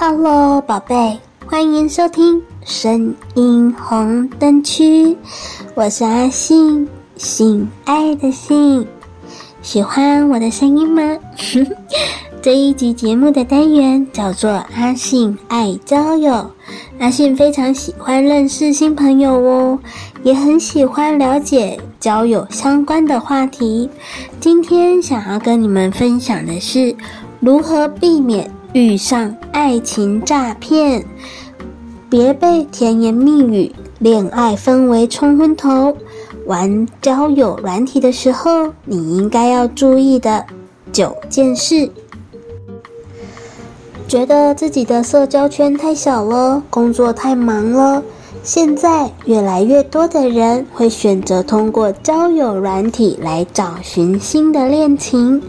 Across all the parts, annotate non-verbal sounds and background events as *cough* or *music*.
哈嘍，Hello, 寶貝，歡迎收聽《聲音紅燈區》，我是阿性，性愛的性，喜歡我的聲音嗎？ *laughs* 這一集節目的單元叫做《阿性愛交友》，阿性非常喜歡認識新朋友哦，也很喜歡了解交友相關的話題。今天想要跟你們分享的是如何避免，遇上愛情詐騙，別被甜言蜜語、戀愛氛圍沖昏頭。玩交友軟體的時候，你應該要注意的九件事。覺得自己的社交圈太小了，工作太忙了。現在越來越多的人會選擇通過交友軟體來找尋新的戀情，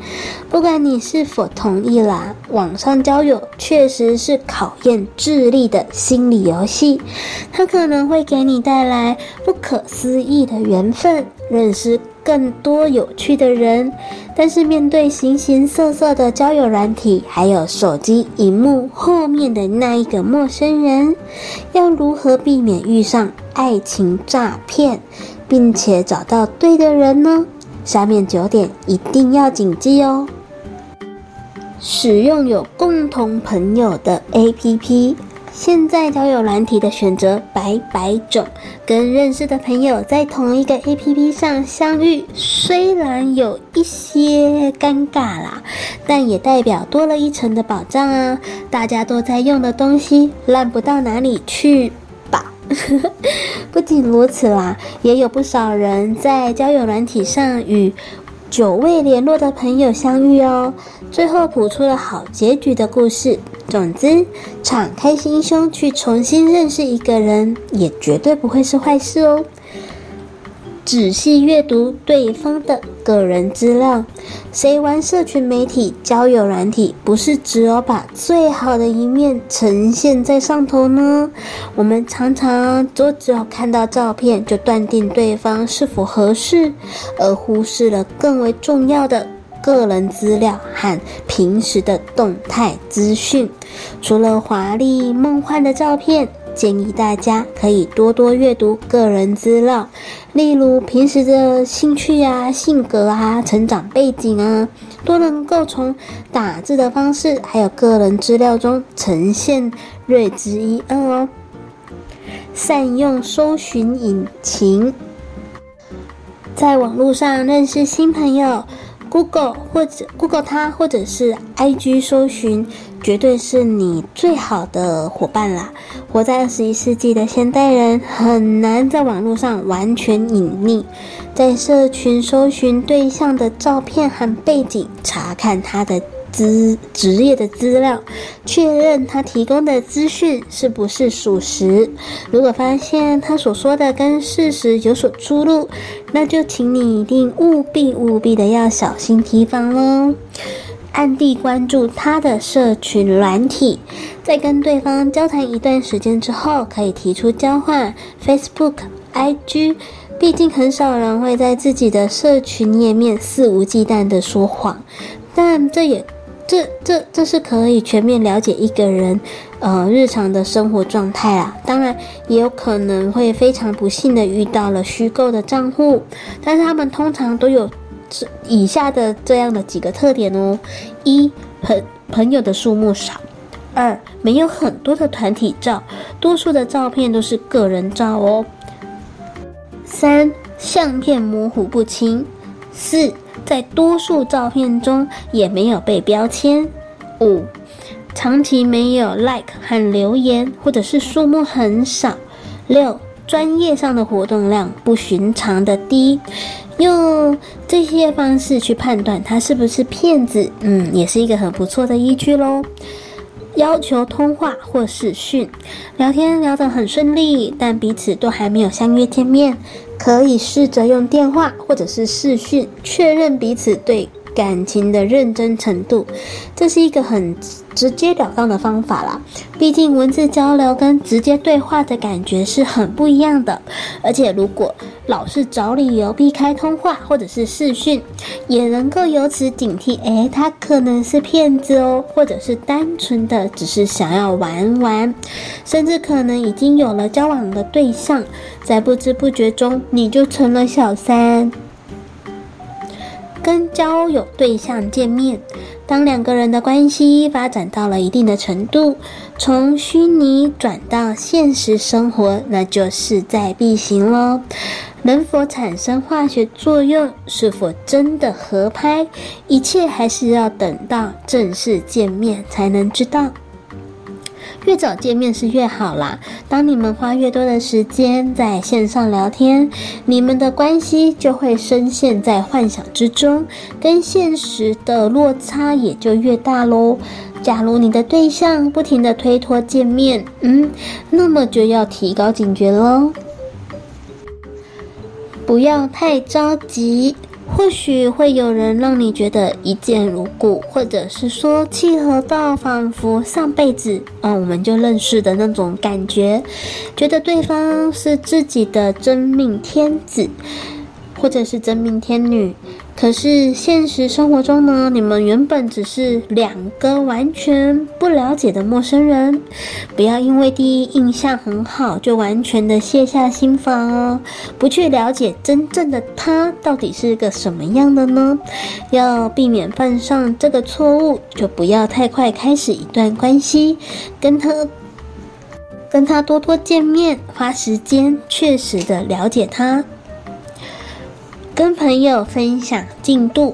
不管你是否同意啦，網上交友確實是考驗智力的心理遊戲，它可能會給你帶來不可思議的緣分，認識更多有趣的人，但是面對形形色色的交友軟體，還有手機螢幕後面的那一個陌生人，要如何避免遇上愛情詐騙，並且找到對的人呢？下面九點一定要謹記哦。使用有共同朋友的 APP。現在交友軟體的選擇百百種，跟認識的朋友在同一個 APP 上相遇，雖然有一些尷尬啦，但也代表多了一層的保障啊！大家都在用的東西，爛不到哪裡去吧？ *laughs* 不僅如此啦，也有不少人在交友軟體上與。久未聯絡的朋友相遇哦，最後譜出了好結局的故事。總之，敞開心胸去重新認識一個人，也絕對不會是壞事哦。仔細閱讀對方的個人資料。誰玩社群媒體交友軟體，不是只有把最好的一面呈現在上頭呢？我們常常都只有看到照片就斷定對方是否合適，而忽視了更為重要的個人資料和平時的動態資訊。除了華麗夢幻的照片，建議大家可以多多閱讀個人資料。例如平時的興趣啊、性格啊、成長背景啊，都能夠從打字的方式，還有個人資料中呈現，略知一二哦。善用搜尋引擎，在網絡上認識新朋友。Google 或者 Google 他，或者是 IG 搜尋，絕對是你最好的夥伴啦。活在二十一世紀的現代人，很難在網絡上完全隱匿，在社群搜尋對象的照片和背景，查看他的。資職業的資料，確認他提供的資訊是不是屬實。如果發現他所說的跟事實有所出入，那就請你一定務必務必的要小心提防哦。暗地關注他的社群軟體，再跟對方交談一段時間之後，可以提出交換 Facebook、IG。畢竟很少人會在自己的社群頁面肆無忌憚的說謊，但這也。這這這是可以全面了解一個人，呃，日常的生活狀態啦、啊。當然，也有可能會非常不幸的遇到了虛構的賬戶，但是他們通常都有這以下的這樣的幾個特點哦：一，朋朋友的數目少；二，沒有很多的團體照，多數的照片都是個人照哦；三，相片模糊不清；四。在多數照片中也沒有被標籤。五、長期沒有 like 和留言，或者是數目很少。六、專業上的活動量不尋常的低。用這些方式去判斷他是不是騙子，嗯，也是一個很不錯的依據嘍。要求通話或視訊，聊天聊得很順利，但彼此都還沒有相約見面。可以試着用電話或者是視訊確認彼此對。感情的認真程度，這是一個很直接了當的方法啦。畢竟文字交流跟直接對話的感覺是很不一樣的。而且如果老是找理由避開通話或者是視訊，也能夠由此警惕：誒、欸，他可能是騙子哦，或者是單純的只是想要玩玩，甚至可能已經有了交往的對象，在不知不覺中你就成了小三。跟交友對象見面，當兩個人的關係發展到了一定的程度，從虛擬轉到現實生活，那就勢在必行嘍。能否產生化學作用，是否真的合拍，一切還是要等到正式見面才能知道。越早見面是越好啦。當你們花越多的時間在線上聊天，你們的關係就會深陷在幻想之中，跟現實的落差也就越大咯。假如你的對象不停地推脫見面，嗯，那麼就要提高警覺咯，不要太着急。或許會有人讓你覺得一見如故，或者是說契合到仿佛上輩子，嗯、哦，我們就認識的那種感覺，覺得對方是自己的真命天子。或者是真命天女，可是現實生活中呢，你們原本只是兩個完全不了解的陌生人。不要因為第一印象很好就完全的卸下心防哦，不去了解真正的他到底是個什麼樣的呢？要避免犯上這個錯誤，就不要太快開始一段關係，跟他跟他多多見面，花時間確實的了解他。跟朋友分享進度，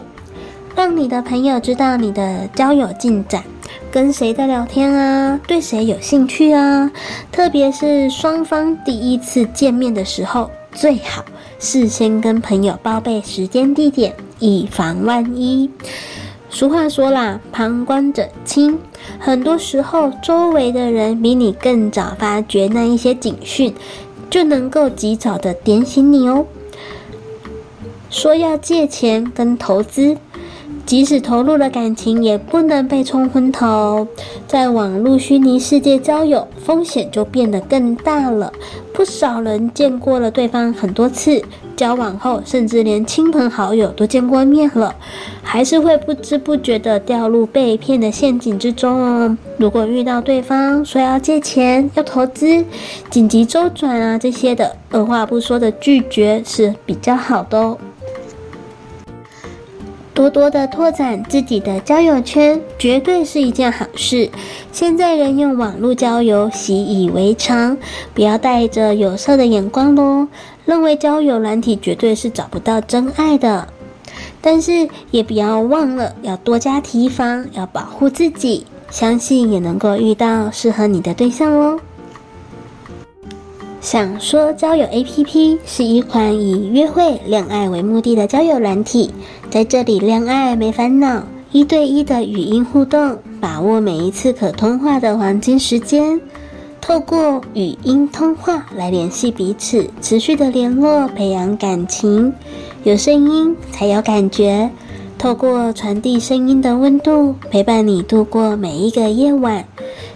讓你的朋友知道你的交友進展，跟誰在聊天啊？對誰有興趣啊？特別是雙方第一次見面的時候，最好事先跟朋友報備時間地點，以防萬一。俗話說啦，旁觀者清，很多時候周圍的人比你更早發覺那一些警訊，就能夠及早的點醒你哦。說要借錢跟投資，即使投入了感情，也不能被沖昏頭。在網絡虛擬世界交友，風險就變得更大了。不少人見過了對方很多次，交往後，甚至連親朋好友都見過面了，還是會不知不覺地掉入被騙的陷阱之中哦。如果遇到對方說要借錢、要投資、緊急周轉啊這些的，二話不說的拒絕是比較好的哦。多多的拓展自己的交友圈，絕對是一件好事。現在人用網絡交友習以為常，不要帶着有色的眼光咯，認為交友軟體絕對是找不到真愛的，但是也不要忘了要多加提防，要保護自己，相信也能夠遇到適合你的對象囉。享說交友 APP 是一款以約會、戀愛為目的的交友軟體，在這裡戀愛沒煩惱，一對一的語音互動，把握每一次可通話的黃金時間，透過語音通話來聯繫彼此，持續的聯絡，培養感情，有聲音才有感覺，透過傳遞聲音的溫度，陪伴你度過每一個夜晚。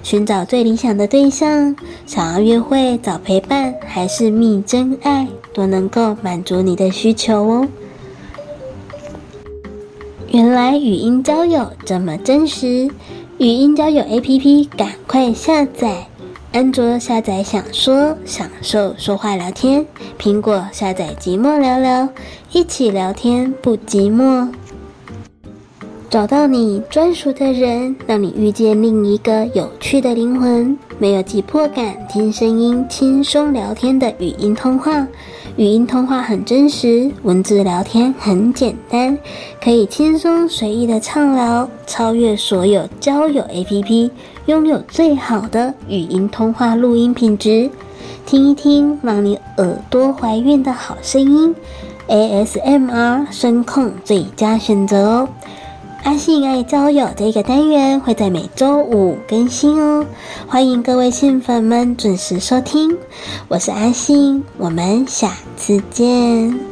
尋找最理想的對象，想要約會找陪伴，還是覓真愛，都能夠滿足你的需求哦。原來語音交友這麼真實，語音交友 APP 趕快下載，安卓下載享說享受說話聊天，蘋果下載寂寞聊聊，一起聊天不寂寞。找到你專屬的人，讓你遇見另一個有趣的靈魂。沒有急迫感，聽聲音輕鬆聊天的語音通話，語音通話很真實，文字聊天很簡單，可以輕鬆隨意的暢聊，超越所有交友 APP，擁有最好的語音通話錄音品質。聽一聽，讓你耳朵懷孕的好聲音，ASMR 聲控最佳選擇哦。阿性愛交友這一個單元會在每周五更新哦，歡迎各位性粉們準時收聽，我是阿性，我們下次見。